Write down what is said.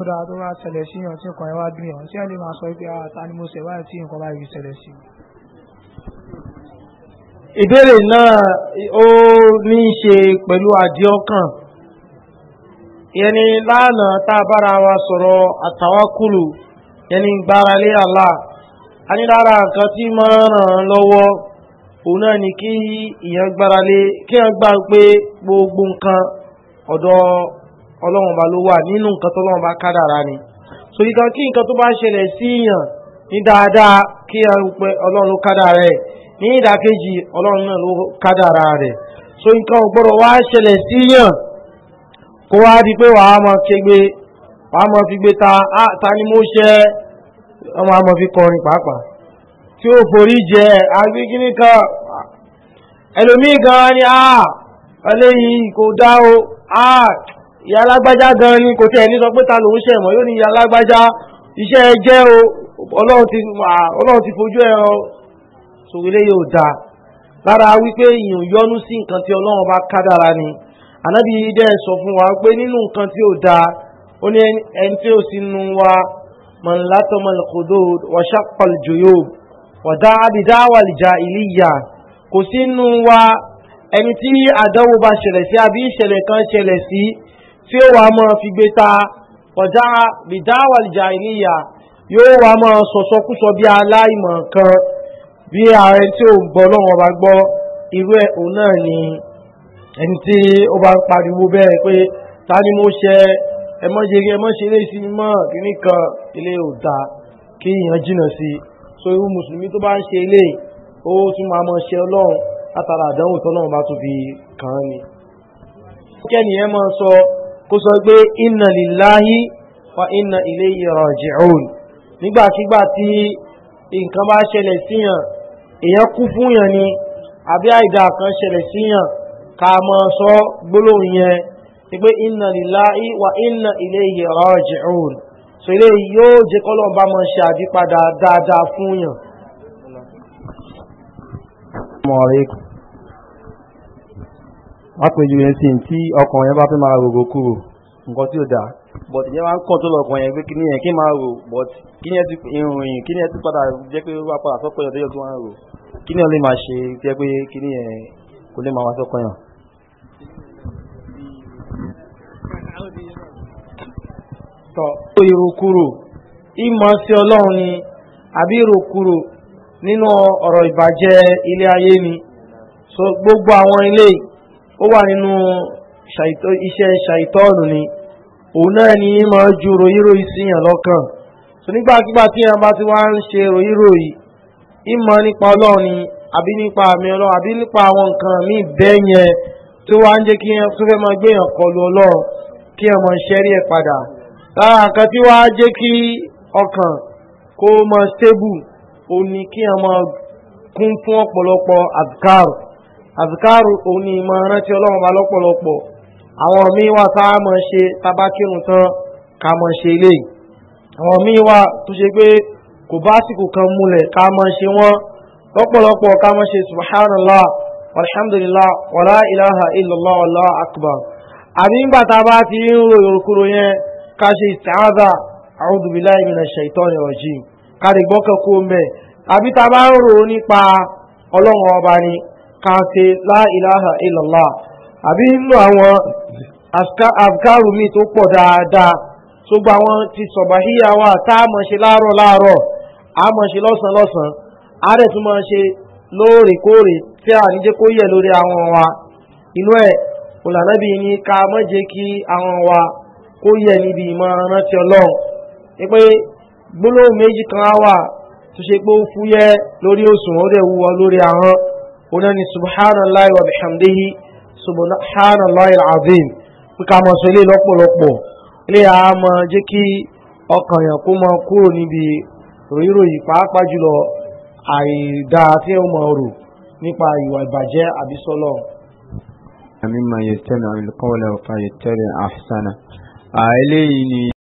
kódà tó bá ṣẹlẹ̀ sí yàn tí nǹkan ẹ wá dùn yàn tí ẹ lè máa sọ pé àwọn ah, àta ni mo ṣẹ̀ báyìí tí nǹkan báyìí ṣẹlẹ̀ sí. ìbéèrè náà ó ní í ṣe pẹ̀lú àdíọ́kàn yẹni lánàá tá a bára wa sọ̀rọ̀ àtàwákùlù yẹni gbáralé Allah a ní lára nǹkan tí máa ràn án lọ́wọ́ òun náà ni kí ìyẹn gbáralé kí ẹ gbà pé gbogbo nǹkan ọ̀dọ̀ ọlọ́run ọba ló wà nínú nǹkan tó ọba kádàrá ni so ìkan kí nǹkan tó bá ṣẹlẹ̀ sí yàn ní dáadáa kí ọlọ́run ló kádàrá ẹ̀ ní ọlọ́run rẹ̀ so nǹkan ọ̀gbọ́dọ̀ wá ṣẹlẹ̀ sí yàn kó wá di pé wàá mọ kegbe wàá mọ fi gbé ta ta ni mo ṣe ọmọ àmọ fi kọrin pàápàá tí ó jẹ agbègbè kan ẹlòmíì gan ni a kò dá o a. ìyá alágbájá gan ni kò tẹ́ ẹ ní sọ pé ta lòun ṣẹ̀ mọ́ yóò ní ìyá alágbájá iṣẹ́ ẹ jẹ́ o ọlọ́run ti ọlọ́run ti fojú ẹ ọ sòwélé yóò da lára wípé ìyàn yọnu sí nǹkan tí ọlọ́run bá kádàrá ni ànábì dẹ́ sọ fún wa pé nínú nǹkan tí ó da ó ní ẹni tí ó sì nu wa mọ̀nlátọ́mọ̀lẹ́kọ̀dọ́ wàṣàpàlùjòyò wọ̀dá àbídáwàlìjà ìlíyà kò sí nu wa ẹni tí àdánwò bá ṣẹlẹ̀ sí àbí ìṣẹ̀lẹ̀ kan ṣẹlẹ̀ sí tí ó wà máa fi gbé ta ọ̀já bìdáwà jàìníyà yóò wà máa sọ̀sọ́kúsọ bí aláìmọ̀ kan bí ààrẹ tí ó ń gbọ́ lọ́wọ́ bá gbọ́ irú ẹ̀ òun náà ni ẹni tí ó bá ń pariwo bẹ́ẹ̀ pé ta ni mo ṣe ẹ mọ́ ṣe ẹ mọ́ ṣe eré sí mọ́ kíní kan ilé ò da kí èèyàn jìnnà sí i so irú mùsùlùmí tó bá ń ṣe ilé ó tún máa mọ ṣe ọlọ́run látara àdánwò tọ́lọ́run bá tún fi kàn án ni. kẹ́ni ẹ máa sọ kó sọ pé inna lillahi wa inna ilayhi raji'un nígbàkigbà tí nǹkan bá ṣẹlẹ̀ síyàn èèyàn kú fún yàn ni àbí àìdá kan ṣẹlẹ̀ síyàn ká máa sọ yẹn inna lillahi wa inna so ilé yóò jẹ́ kọ́lọ́n bá máa ṣe àbípadà dáadáa fún yàn. àpèjú yẹn sí tí ọkàn yẹn bá fẹ́ máa rògbò kúrò nǹkan tí dáa but ìyẹn máa ń kàn tó lọkàn yẹn pé kíní yẹn kí máa rò but kíní yẹn ti ìròyìn yẹn ti padà jẹ́ pé wá padà sọ́kàn yẹn tó yẹ kí wọ́n rò kíní yẹn lè máa ṣe jẹ́ pé yẹn kò lè máa wá sọ́kàn yẹn. tọ́ ìmọ̀ sí nínú ọ̀rọ̀ ìbàjẹ́ ilé ayé gbogbo àwọn ilé yìí ó wà nínú iṣẹ́ ṣàìtọ́ọ̀nù ni òun náà ni máa ju ròyíròyí síyàn lọ́kàn so nígbàkígbà tí yàn bá ti wá ń ṣe ròyíròyí ìmọ̀ nípa ọlọ́run ni àbí nípa àmì ọlọ́run àbí nípa àwọn nǹkan míì bẹ́ẹ̀ yẹn tó wá ń jẹ́ kí yẹn tó fẹ́ máa gbé yàn kọlu ọlọ́run kí yàn máa ṣẹ́rí ẹ̀ padà lára nǹkan tí wàá jẹ́ kí ọkàn kó máa stable òun ni kí yàn máa kún fún ọ̀pọ̀lọpọ̀ adkar àzikáàrù òun ni ìmọ̀ rántí ọlọ́run bá lọ́pọ̀lọpọ̀ àwọn míín wà tá a mọ̀ ṣe tábà kírun tán ká mọ̀ ṣe ilé àwọn míín wà tó ṣe pé kò bá àsìkò kan múlẹ̀ ká mọ̀ ṣe wọ́n lọ́pọ̀lọpọ̀ ká mọ̀ ṣe subhanallah alhamdulillah wàlá ilaha illallah wàlá akbar àbí ńgbà tá a bá ti ń ro ìrokúro yẹn ká ṣe ìtàádà àwùdùbílá ìmìnà ṣètò ìrọ̀jì ká lè gbọ́kàn kó mbẹ́ àbí tá a bá ń ro nípa ọlọ́run ọba ni ká ṣe la ilaha illallah àbí nínú àwọn afkaru mi tó pọ̀ dáadáa tó gba wọn ti sọ̀bàhíyà wa tá a mọ̀ ṣe láàárọ̀ láàárọ̀ a mọ̀ ṣe lọ́sàn lọ́sàn a rẹ̀ tún máa ṣe lóòrèkóòrè tí a níjẹ́ kó yẹ̀ lórí àwọn wa inú ẹ̀ olànàbí ni ká mọ́ jẹ́ kí àwọn wa kó yẹ níbi ìmọ̀ràn rántí ọlọ́run ni pé gbólóhùn méjì kan á wà tó ṣe pé ó fúyẹ́ lórí òṣùwọ̀n ó dẹ̀ wúwo lórí àwọn ona ni subhanallahi wa bihamdihi subhanallahi alazim pé ká máa sọ ilé lọ́pọ̀lọpọ̀ ilé a máa jẹ́ kí ọkàn yàn kó máa kúrò níbi ròyìnròyìn pàápàá jùlọ àìdá tí ó máa rò nípa ìwà ìbàjẹ́ àbí àmì máa yẹ tẹ́lẹ̀ àwọn olùkọ́ wọlé ọ̀fà yẹ tẹ́lẹ̀ àfisànà. eléyìí ni